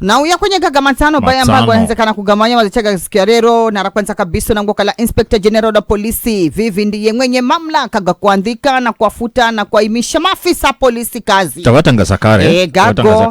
nauya kwenye gaga matano bayo ambago yanawezekana kugamanya walichagakia rero nara kwanza kabisa nangoka la Inspector General da polisi vivi ndiye mwenye mamlaka ga kuandika na kuafuta na kuaimisha maafisa polisi kazi e, gago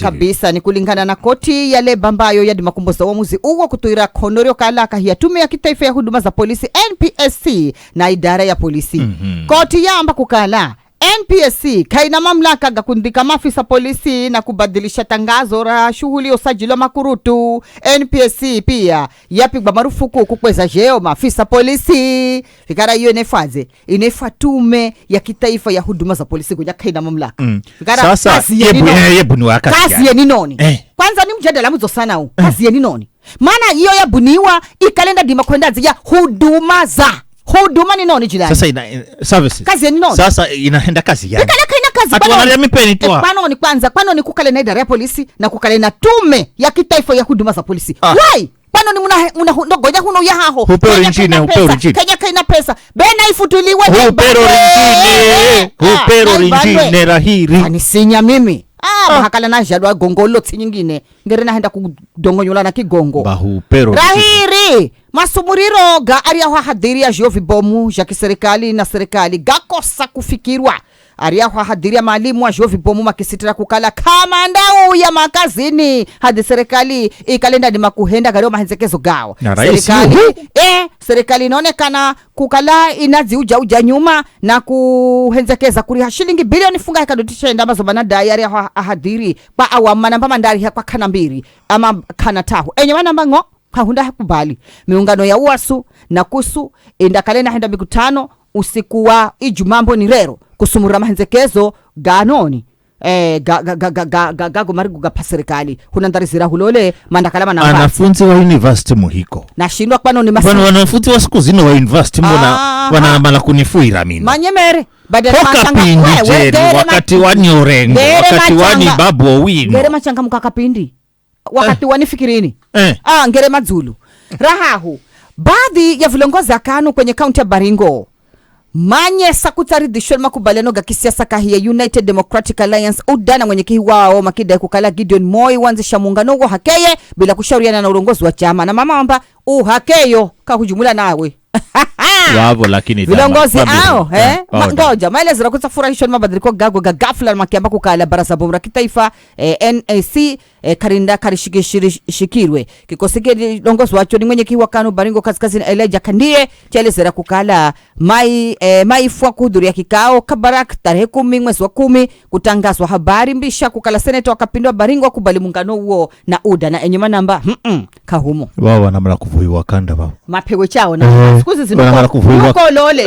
kabisa ni kulingana na koti ya leba ambayo yadi za uamuzi uo kutuira konorio kala kahia tume ya kitaifa ya huduma za polisi NPSC na idara ya polisi mm -hmm. koti yamba kukala NPSC kaina mamlaka ga kundika mafisa polisi na kubadilisha tangazo ra shughuli ya usajili wa makurutu. NPSC pia yapigwa marufuku kukweza jeo mafisa polisi fikara hiyo inefaze inefa tume ya kitaifa ya huduma za polisi kuja kaina mamlaka mm. fikara sasa kasi eh, ya ninoni eh. Kwanza ni mjadala mzo sana huu eh. kasi ya ninoni maana hiyo yabuniwa ikalenda dima kwenda zija huduma za huduma ni nani jirani? Sasa ina, eh, services. Kazi ni nani? Sasa inaenda kazi yani. Bika ina kazi. Atu wanalia mipeni tu. Eh, kwani ni kwanza, kwani ni kukale na idara ya polisi na kukale na tume ya kitaifa ya huduma za polisi. Ah. Why? Kwani ni muna, mna ngoja huno ya haho. Hupero injini, hupero injini. Kenya kaina pesa. Bena ifutuliwe. Hupero injini. Eh, hupero ah, injini rahiri. Anisinya mimi hakala na jalwa gongo lotsi nyingine ngeri nahenda kudongonyola na kigongo bahupero rahiri masumuriro ga ariaho ya jovi vibomu zha kiserikali na serikali gakosa kufikirwa ya ahadhiria maalimu jovi vibomu makisitira kukala kamanda uya makazini hadi serikali ikalenda ni makuhenda gario mahenzekezo gao serikali eh serikali inaonekana kukala uja nyuma na kuhenzekeza kuriha shilingi bilioni funga hekadotisha ndambazo banadai ari ya ahadiri kwa awama namba ya kwa kana mbiri ama kana tahu enye wanamba ng'o hahunda hakubali miungano ya uwasu na kusu na henda mikutano usiku wa ijumambo ni rero kusumura mahenzekezo ganoni eh, gagoma ga, ga, ga, ga, ga, rikugapha serikali hunandarizira hulole mandakala mana wanafunzi wa university muhiko nashindwa kwanoni masi... wanafunzi wa siku zino wa university mbona ah, ah, wanaamala ah. kunifuira mina manyemere badakapindi wakati wani orengo wakati wani babu owino ngere machangamuka kapindi wakati eh. wanifikirini eh. ah, ngere madzulu rahahu baadhi ya vilongozi akanu kwenye kaunti ya Baringo manyesa kutaridhishwa makubaliano ga kisiasa kahiya United Democratic Alliance UDA na mwenyekiti wao makida kukala Gideon Moi wanzisha muungano wo hakeye bila kushauriana na ulongozi wa chama na mama uhakeyo kakujumula nawe Wavo ah. lakini vilongozi ao eh, ngoja eh? maelezo ra kutsafurahishwa ni mabadiliko gago ga ghafla makiambako kala baraza bomu ra kitaifa eh, NAC eh, karinda karishikirwe kikosi kilongozi wacho ni mwenye kiwakano Baringo kaskazini eleja Kandie chelezera kukala mai eh, maifwa kuhudhuria kikao kabarak tarehe kumi mwezi wa kumi kutangazwa habari mbisha kukala seneta wakapindwa Baringo kubali muungano huo na UDA na enyuma namba kahumo wao wanamara kuvuiwa kanda wao mapewe chao na eh, siku hizi kuvuva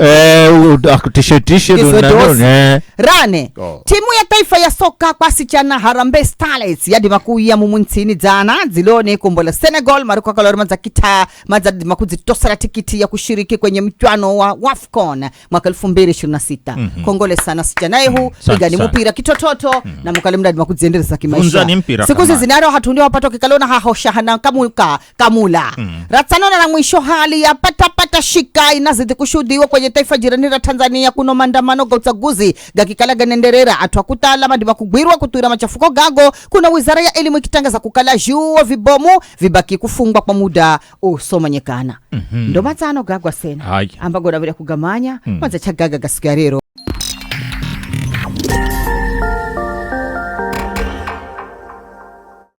eh, akutishetishe rane oh. Timu ya taifa ya soka kwa sichana Harambee Starlets yadi makuya mumu ntsini dzana dzilone kumbo la Senegal marikokalori madzakita madzadi makudzitosera tikiti ya kushiriki kwenye mchwano wa WAFCON mwaka 2026 mm -hmm. Kongole sana sichana ehu igani mm -hmm. mupira kitototo mm -hmm. na mukale mdadi makudziendereza kimaisha siku zizi naro hatundi wapato kikalona hahosha hana kamuka kamula mm -hmm. ratsanona na mwisho hali ya patapata shika ina azidi kushuhudiwa kwenye taifa jirani la Tanzania kuno maandamano ga utsaguzi gakikala ganenderera atwa akutala madiba kugwirwa kutuira machafuko gago kuna wizara ya elimu ikitangaza kukala juo vibomu vibaki kufungwa kwa muda usomanyekana mm -hmm. ndo matsano gagwa sena ambago davira kugamanya mm. madza cha gaga gasigarero